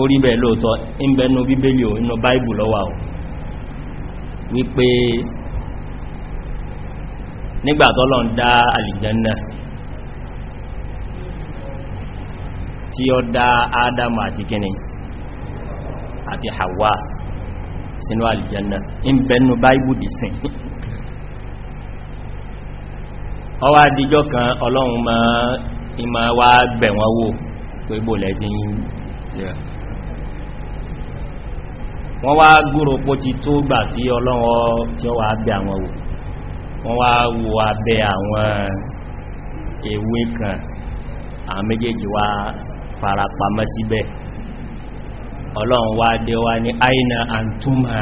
orí bẹ̀ lóòtọ́ in bẹnu bíbélì o inú wípé nígbà tọ́lọ̀ ń dá àlìjánná tí ó dá ádámù àti kíni àti Hawa sínú àlìjánná in bẹnu báibù dìsìn ọwá díjọ́ kan ọlọ́run ma ìmá wá bẹ̀wọ́n wò pé bò lẹ́jí wọ́n wá gúrò pó ti tó gbà tí ọlọ́run tí ó wà bẹ̀ àwọn wò wọ́n wá wo abẹ́ àwọn ewé kan àwọn méjèèjì wá farapamọ́ síbẹ̀ ọlọ́run wá dé wá ní aina antuma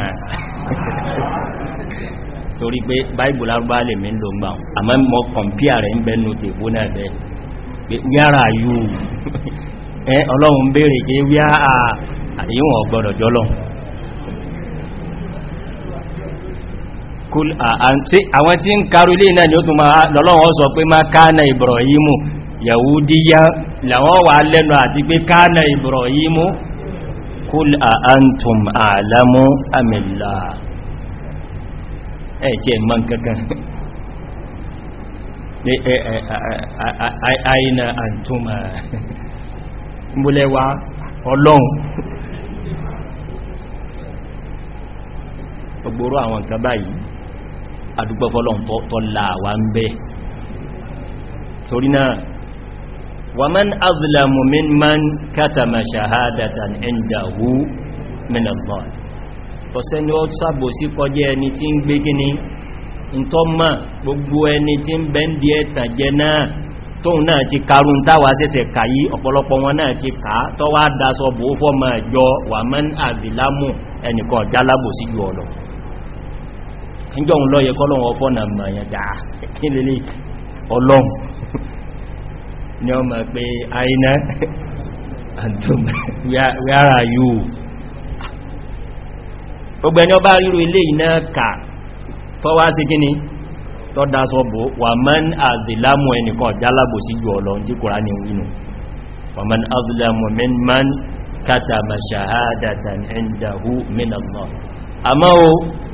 torí pé báìbù lárúbá lè mí lò gbà àmọ́ mọ́ kọ̀mpíà rẹ̀ ń bẹnu tèbó náà bẹ́ pé wíárà yóò ọlọ́run bèèrè pé wíárà àyíwọ̀n ọgbọ̀dọ̀ jọlọ́run kúl àti àwọn tí ń karú ilé náà ni ó tún máa lọ́lọ́wọ́ sọ pé má káànà ìbọ̀rọ̀yímú yàwúdíyá làwọn wà lẹ́nu àti pé káànà ìbọ̀rọ̀yímú kúl àántùm àlámú àmìlà ẹ̀kẹ́ mọ́ kankan ọgbòrò àwọn kan báyìí adúgbẹ́fọ́lọ́n tó láàwà ń bẹ́ torí náà wà mẹ́n azlamu min man katama shahadatan indahu min Allah ọ̀sẹ́ ni ó sàbò sí kọjẹ́ ẹni tí ń gbé gíní ń tọ́ mọ́ gbogbo ẹni tí ń bẹ́ ń di ẹ̀tàn jẹ náà tóun náà ti karun táwà sẹ́sẹ̀ kàyí ọ̀pọ̀lọpọ̀ wọn náà ti níjọ́ òun lọ́yẹ kọ́lọ̀wọ̀ fọ́nà mọ̀yànjá kí lè ọlọ́run ni ọ mọ̀ pé àìná wíára yóò gbogbo ẹni ọba ríro ilé iná kà tọ́wá sí gíní tọ́ dásọ́bò wà mọ́n àzìlámù ẹnìkan jálàbò sí jù ọlọ́run tí kòrá ní wínú wà mọ́n àzìlámù mẹ́n kátàmà ṣàhádàtàn ẹ̀ndàhú mẹ́nàmọ́ àmọ́ o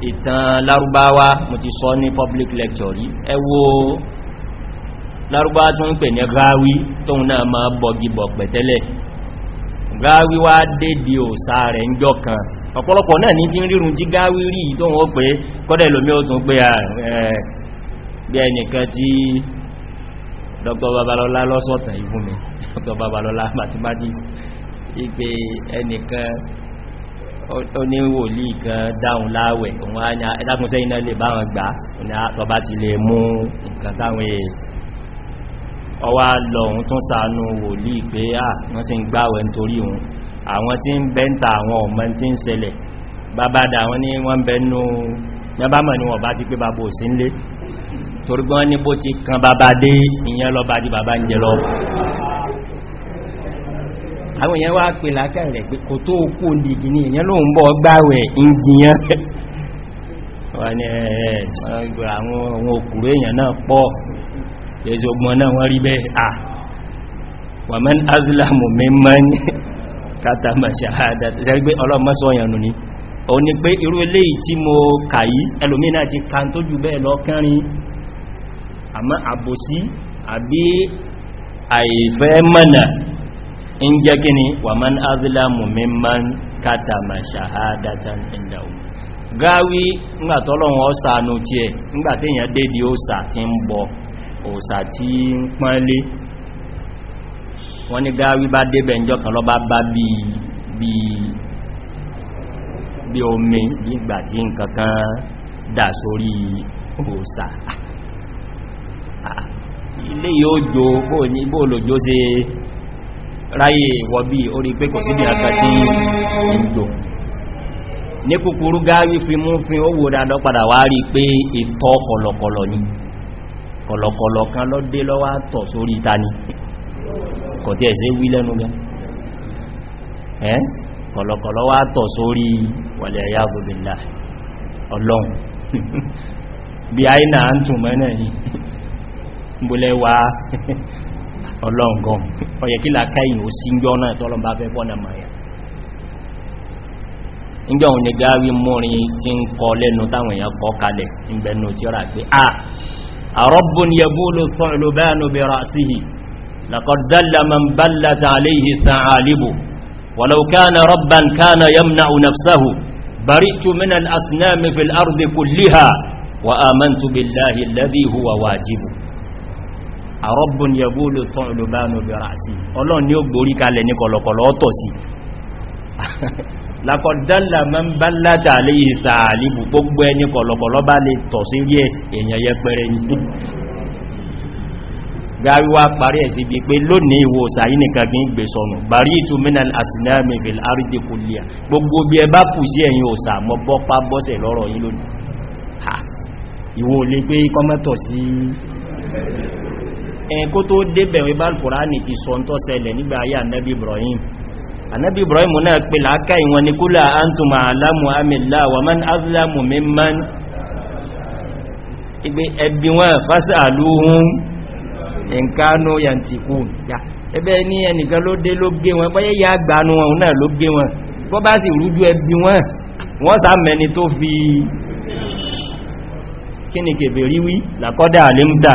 ìtàn lárúbáwá mo ti sọ ní public lecture rí ẹ wo lárúbáwá tó ń pè ní gáwí tóun náà máa bọ̀gìbọ̀ pẹ̀tẹ́lẹ̀ gáwí wá dédé òsà rẹ̀ ń jọ kan ọ̀pọ̀lọpọ̀ náà ní tí ń rírun tí gáwí rí tóun ó pé kọ́dẹ̀ lómi ó tún ó ní wòlí kan dáhùn láwẹ̀ òun á ní ẹdákùnṣẹ́ iná lè bá wọn gbà ní àtọba ti lè mú nǹkan táwọn èèyàn ọwá lọ̀un tún sàánú wòlí pé à wọ́n sì ń gbáwẹ̀ nítorí òun àwọn tí ń bẹ́ǹta àwọn ọmọ tí ń ṣẹlẹ̀ bábádà wọn ní wọ́n bẹ́nu yábámọ̀ ni wọ́n bá ti pé bàbá òsínlé torí gbọ́n ní bó ti kan bàbá dé ìyẹn lọ bá di bàbá ń jẹ lọ àwọn èèyàn wá pè lákà rẹ̀ pé kò tó kó lè gìní èèyàn ló ń bọ́ gbáwẹ̀ ìjìyàn wọ́n ni àwọn ohun òkúrò èèyàn náà pọ̀ lẹ́sí ogun náà wọ́n rí bẹ́ẹ̀ à wà mẹ́n azlamu mimman katama shahada ṣe gbé ọlọ́mọ́sọ ọ̀yànnù ni o àbòsí àbí àìfẹ́ mọ̀nà in jẹ́ kí ni wà man azlamu mimman shahadatan inda um tí ẹ̀ ńgbà tí dédé ń bọ òsà ti ń pọ́nlé wọ́n ní bá débẹ̀ ìjọ kan lọ bá bá bí omi nígbà tí dà sórí ilé yóò jò ráyè wọ̀bí orí pé kò síbí àkà tí ìgbò ní kúkúrú gáwí fi mú fi owó dáadọ́ padà wá rí pé ìtọ́ kọ̀lọ̀kọ̀lọ̀ ní kọ̀lọ̀kọ̀lọ̀ kan lọ dé tọ̀ sórí ìta ní kò tí ẹ̀sẹ̀ wí lẹ́nu gẹ́ kọ̀lọ̀kọ̀lọ̀ bí i ń ní gbọ́lẹ́wàá ọlọ́ǹgan ọ̀yẹ̀ kí làkáyìn ò sí ǹjọ́ náà tọ́lọ bá fẹ́ fọ́nà maya ǹjọ́ òun ni gáwí mọ́rin tí ń kọ lẹ́nu táwọn èèyàn kọ kalẹ̀ ìbẹ̀nù tí ra pé a àrọ́bùn yẹbúlù sọ́ìlú bẹ́ẹ̀nù wa amantu billahi alladhi huwa wajibu àrọ́bùn yẹgbóòlò sán olùbánu bẹ̀rẹ̀ sí ọlọ́run ni ó gborí kalẹ̀ ní kọ̀lọ̀kọ̀lọ̀ ọ̀tọ̀ sí lakọ̀dánlà ma ń bá látàlé ìsàálìbù gbogbo ẹni kọ̀lọ̀kọ̀lọ̀ bá lè tọ̀ sí rí èèyàn yẹpẹrẹ ní gáríwá parí ẹ̀ sí bí pé lónìí ìwò sàyí nìkan kí ń gbé sọnù bàrí ìtù minal asinami bil ardi kulliya gbogbo bí ẹ bá kù sí ẹ̀yìn òsà mọ́ bọ́pá bọ́sẹ̀ lọ́rọ̀ yìí lónìí ìwò lè pé kọ́mọ́tọ̀ sí ẹ̀kó tó débẹ̀ ìbá alkùránì ti sọ tó ṣẹlẹ̀ nígbà ayé annabi ibrahim annabi ibrahim náà pè láàká ìwọn ni kúlà antum alamu amìlá wa man azlamu mimman igbe ẹbí wọn fásà lóhun ẹ̀nkánú yàntíkù ẹbẹ́ ni ẹnìkan ló dé ya gbanú wọn náà ló gé wọn bọ́ bá sì rújú ẹbí wọn wọ́n kèbèrí wí làkọ́dà àlémdà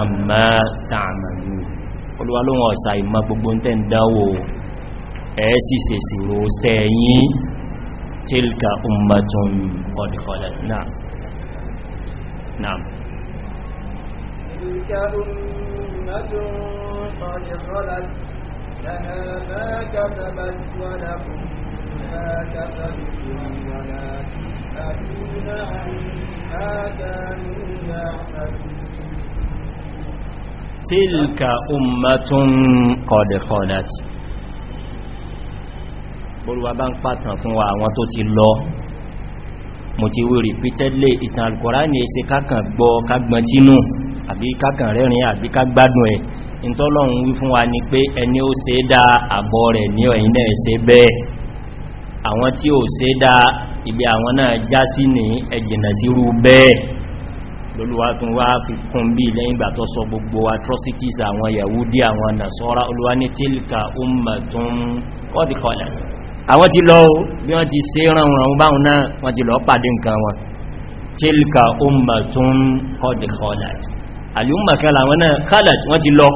àmà tààmàlú olúwa ló wọ́n ọ̀sà ìmọ̀ gbogbo tẹ́ ń dáwò ẹ̀ẹ́sì sèsìrò sẹ́yìn tílka ummatun kọ̀dìkọ̀dà náà náà تلك أمة قد tilka ummatun qad khalat bolúwa bá ń pàtàn fún wa àwọn tó ti lọ mo ti wí repeatedly ìtàn alkùránì ẹsẹ kákàn gbọ́ kágbọn tínú àbí kákàn rẹ́rin àbí kágbádùn ẹ̀ ìtọ́lọ́run wí fún wa ni pé ẹni ó ṣe dá àbọ̀ rẹ̀ ní ọ̀yìn náà ṣe bẹ́ẹ̀ àwọn tí ó ṣe dá ibi àwọn náà já sí ní ẹ̀jìnà sírú bẹ́ẹ̀ lólúwá tún wá fi kún bí lẹ́yìn ìgbà tó sọ gbogbo atrocities àwọn yahudi àwọn nasọ́rá olúwá ní tílka ummatun kọ́dìkọ́lẹ̀ àwọn ti lọ bí wọ́n ti ṣe ràn wọn báhùn náà wọ́n ti lọ pàdé nǹkan wọn tílka ummatun kọ́dìkọ́lẹ̀ àlúmọ̀kẹ́lá wọn náà khalad wọ́n ti lọ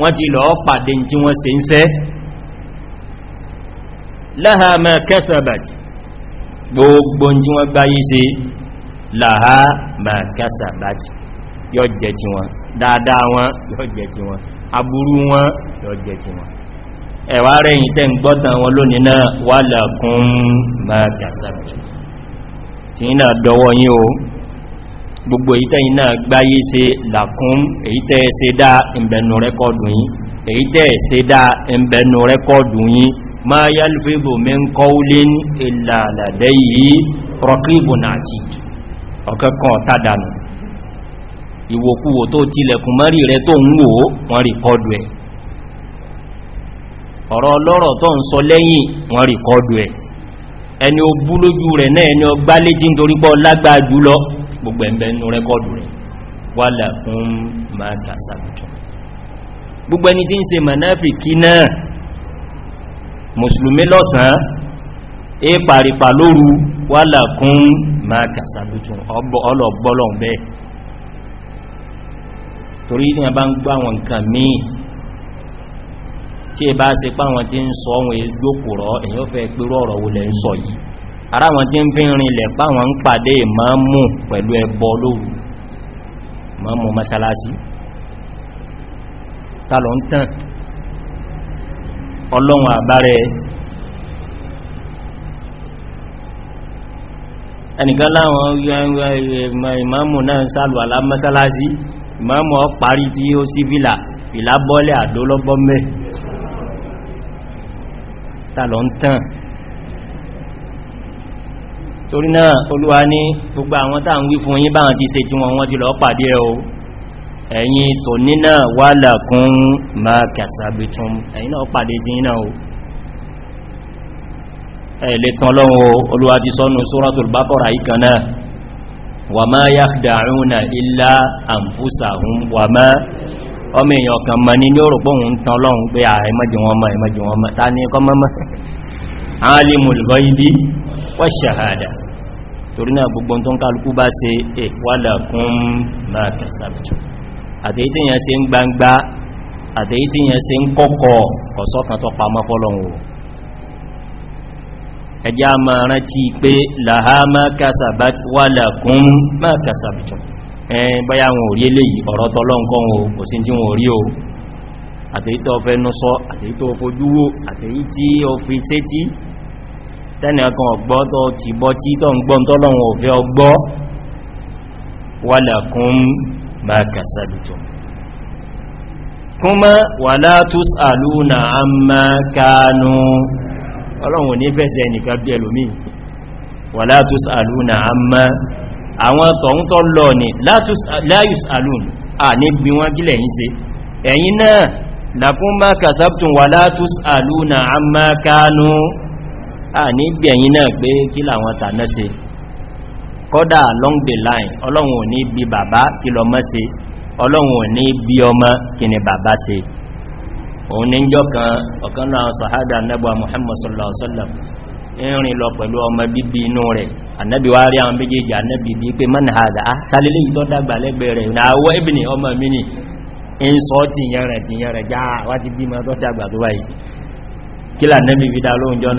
wọ́n laha ma kasabat gbogbo tí wọ́n gbáyé ṣe láhá ma kásà báti yóò jẹ ti wọn dáadáa wọn yóò jẹ ti wọn aburú wọn yóò jẹ ti wọn ẹ̀wà rẹ̀yìn tẹ́ ń gbọ́tàn wọn lónìí náà wà lẹ́kún ma kásà báti tí iná dọwọ́ yín o gbogbo èyí tẹ́yìn náà gbáyé se làkún èyí tẹ́ ṣe dá ìbẹ̀nù rẹ́kọ́dù yín èyí tẹ́ ṣe dá ìbẹ̀nù rẹ́kọ́dù yín ma yálfẹ́bò mẹ́ńkọ́ulín ìlàlàdẹ́ yìí rọ̀kíbùn àti ìjù ọ̀kankan tàdánù ìwòkúwò tó tilẹ̀kùn mẹ́rí rẹ tó ń wò wọ́n rìkọ́dù ẹ̀ ọ̀rọ̀ ọlọ́rọ̀ tó ń sọ lẹ́yìn wọ́n rìkọ́dù ẹ̀ ẹni o bú lójú rẹ̀ náà ẹni ọgbá léjì ń torí pọ́ lágbàá jùlọ gbogbo ẹ̀mẹ́nu rẹ́kọ́dù rẹ̀ wà láàkún se manáfikí náà mùsùlùmí lọ́sàn-án é pàrípà lóru wà máa kàsàbùtùn ọlọ̀gbọ́lọ̀n bẹ́ẹ̀ torí ní a bá ń gbá àwọn nǹkan míì tí ẹ bá ṣe páwọn tí ń sọ ohun èyàn fẹ́ wo lẹ́ ń ara wọn tí ń fi rinlẹ̀ páwọn ń pàdé pẹ̀lú ẹnìkan láwọn ìmáàmù náà sálù alámọ́sálásí ìmáàmù ọ parí tí ó sí fìlà fìlà bọ́lẹ̀ àdólọ́gbọ́mẹ́ tàlọ ń tàn torí náà olúwa ní gbogbo àwọn tàà ń wí fún yín báwọn ti ṣe tí wọ́n ti lọ pàdé ẹ̀ o ẹ̀yin tò ní náà wà lákún máa kàsàbìtún ẹ̀yin náà pàdé ti náà o ẹ̀lẹ́kan ọlọ́run olúwàdí sọ́nù suratul baqara ìkànnà wà máa yakhda'una illa anfusahum wà máa ọmọ èèyàn kan ma ní ní òrùpọ̀ òun tán ọlọ́run pé àìmọ́jì wọn mọ́ ìmọ́jì wọn mọ́ ta ní kọ́ mọ́mọ́ alimul ghaibi wash-shahada torí náà gbogbo tó ń kálukú eh, gbangba àtẹ́yí tí ń kọ́kọ́ kọ̀sọ́kan tó pa mọ́ fọ́lọ́run ẹjá ma rántí pé láhá má kásàbát wà lákún má kásàbìtù ẹn báyá wọn ò rí eléyìí ọ̀rọ̀ tọ́lọ́nkọ́ wọn kò sí tí wọn ò rí o àtèyítọ́ fẹ́ nú sọ àtèyítọ́ fojúwó àtèyí tí ó kuma wà na amma kánú ọlọ́run ní fẹ́sẹ̀ ẹnìkan bí ẹlòmí wà látús alúnà àmá àwọn tọ̀hún tọ́ lọ ní láyùs alún à ní gbí wọ́n gílẹ̀ yìí se ẹ̀yìn náà lakún má kàsàbtùn wà látús alúnà àmá kánú à ní gbí ẹ̀yìn náà pé kí làwọn tàná se kọ́dà along the line ọlọ́run ò ní bí bàbá kí lọ mọ́ se ọlọ́run ò ní bí ọmọ kí ni bàbá se òun ní jọ kan ọ̀kan náà sàhádà nẹ́bà Muhammad sallallahu alaihi wasallam ìrìn lọ pẹ̀lú ọmọ bíbí inú rẹ̀ annabi wá rí àwọn méjèèjì annabi bí pé man hada á ah, tàlélé ìtọ́ dàgbà lẹ́gbẹ̀ rẹ̀ náàwọ́ ibni ọmọ mi ni in sọ ti yẹrẹ ti yẹrẹ já wá ti bí mọ́ dàgbà tó wáyìí kí lànàbí fi dá lóhun jọ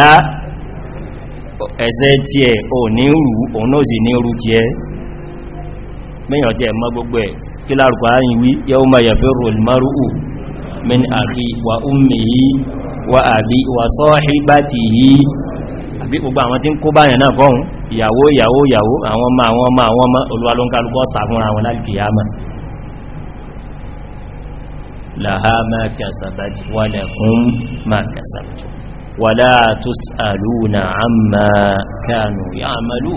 náà amma ẹ̀ṣẹ̀ tí ẹ̀ ò ní rú òun náà sì ní rú tí ẹ mẹ́yàn tí ẹ mọ́ gbogbo ẹ̀ kí lárùkù ayin wí yawma yafirru al-mar'u min akhi wa ummihi wa abi wa sahibatihi àbí gbogbo àwọn tí ń kó báyàn náà kọ́hun ìyàwó àwọn ọmọ ma kasabat wa lakum ma kasabtum wàlá tusaluna amma kanu ya'malu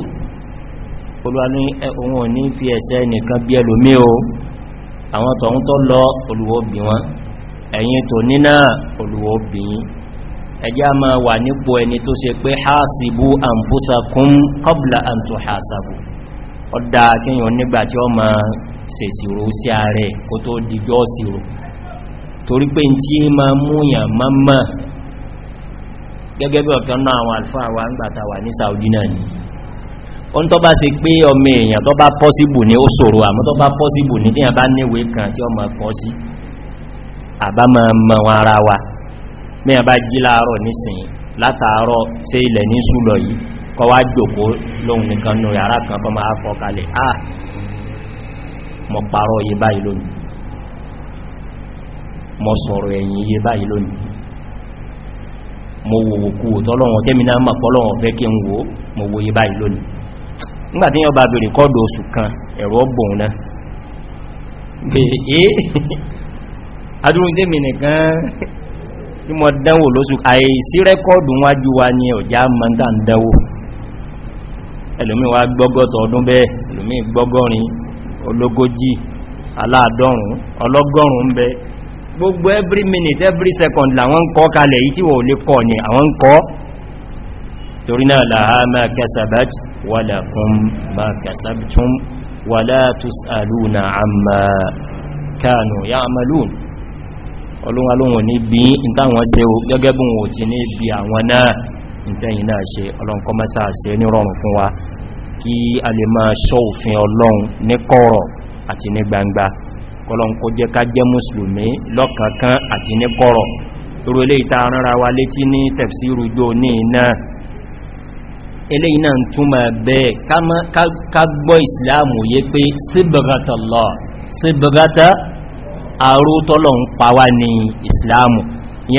olúwa ní ohun òní fi ẹ̀ṣẹ̀ nìkan bí ẹlòmí o àwọn tọ̀hún tó lọ olúwọ́ bí wọn ẹ̀yin tó níná olúwọ́ bí yín ẹjá ma wà nípò ẹni tó ṣe pé hasibu anfusakum qabla an tuhasabu ọdá kíyàn nígbà tí ó ma ṣèṣirò sí ààrẹ kó tó dìjọ́ ṣirò torí pé tí ma múyàn máa gẹ́gẹ́ bí ọ̀kan náà àwọn alfáà wa ń gbàta wà ní Saudi náà ni oun tó bá ṣe pé ọmọ èèyàn tó bá pọ́síbù ní ó ṣòro àmọ́ tó bá pọ́síbù ní díyàn bá níwé kan tí ọmọ kọ́ sí àbámọ́ mọ́ wọn ara wa mẹ́yàn bá jí láàárọ̀ nísìn látàárọ̀ sí ilẹ̀ ní súlọ yìí kọ́ wá jòkó lóhun nìkan nù yàrá kan kọ́ máa fọ́ kalẹ̀ ah mọ̀ pàrọ̀ iye báyìí lónìí mọ̀ sọ̀rọ̀ ẹ̀yìn iye báyìí lónìí mo wòwò kú tọ́lọ́wọ́n tẹ́mìnà mọ̀ pọ́lọ́wọ́n fẹ́ kí n wò mo wòye báyìí lónìí nígbàtí yọ bá bèèrè kọ́dù oṣù kan ẹ̀rọ bùn náà bèèrè adúrúndémì nìkan wa ní ọjá mọ́ndà ń dánwò wa gbọ́gọ́tọ̀ ọdún bẹ́ẹ̀ ẹlòmí gbọ́gọ́rin ológójì aláàdọ́rùn-ún ọlọ́gọ́rùn-ún gbogbo every minute every second làwọn ń kọ́ kalẹ̀ yìí tí wọ́n lè kọ́ ní àwọn ń kọ́ torí náà láha máa kẹsàbát wàlá kún máa kẹsàbtún wàlá tusaluna àmà kánù ya àmàlùn olúwalóhun ní bí i táwọn se o gẹ́gẹ́ bí wọn ti ní bí àwọn náà ní rọrùn fún kọlọ̀nkó jẹ́ ká jẹ́ musulmi lọ́kankan àti ní kọ́rọ̀ irú ìta rárá wa létí ní tẹ̀fsíru jò ní iná ilé iná ń túnmọ̀ bẹ́ẹ̀ ká gbọ́ ìsìláàmù yé pé síbìrátàlọ́ síbìrátà àrótọ́lọ̀ ń pa wá ní ìsìláàmù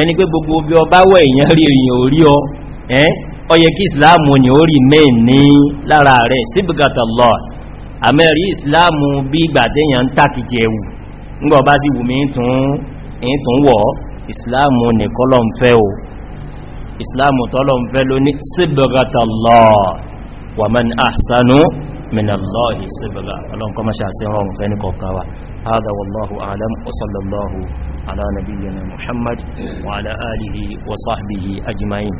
ni pé gbogbo bí ọba wọ èèyàn rí èèyàn ni ó rí mẹ́ ní lára rẹ̀ síbìrátàlọ́ àmẹ́rí ìsìláàmù bí ìgbà tẹ́yàn ń tàkìjẹ̀ ẹ̀wù ńgbọ̀ bá sí wùmí tún wọ̀ ìsìláàmù nìkọ́lọ̀ ń fẹ́ o ìsìláàmù tọ́lọ̀ ń fẹ́ ló ní síbìrìtàlọ́ wà mẹ́ni àṣánú mìnàlọ́ ìsìbìrà ọlọ́nkọ́mọ́ṣà محمد وعلى آله وصحبه أجمعين